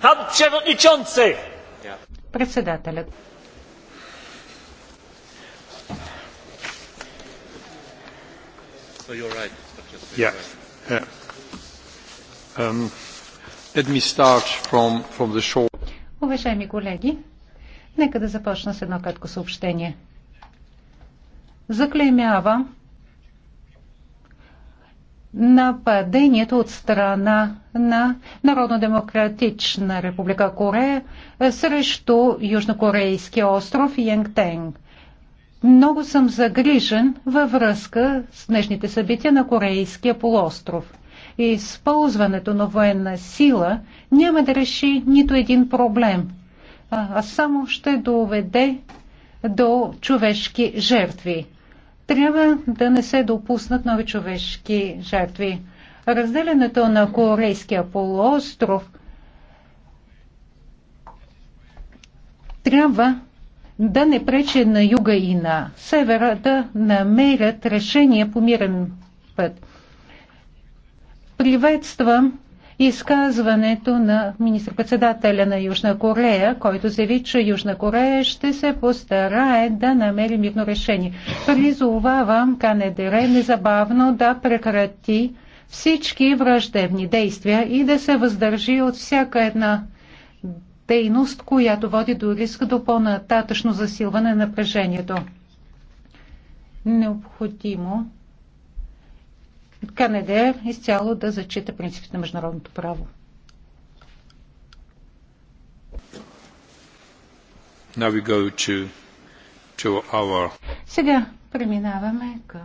Pan przewodniczący! Председателят. So you're right. Yeah. yeah. Um, let me start from, from the short. Уважаеми колеги, нека да започна с едно кратко съобщение. Заклеймява нападението от страна на Народно-демократична република Корея срещу Южнокорейския остров Янгтенг. Много съм загрижен във връзка с днешните събития на Корейския полуостров. Използването на военна сила няма да реши нито един проблем, а само ще доведе до човешки жертви. Трябва да не се допуснат нови човешки жертви. Разделянето на Корейския полуостров трябва да не пречи на юга и на севера да намерят решение по мирен път. Приветствам изказването на министр-председателя на Южна Корея, който заяви, че Южна Корея ще се постарае да намери мирно решение. Призовавам КНДР незабавно да прекрати всички враждебни действия и да се въздържи от всяка една дейност, която води до риск до по-нататъчно засилване на напрежението. Необходимо е изцяло да зачита принципите на международното право. To, to our... Сега преминаваме към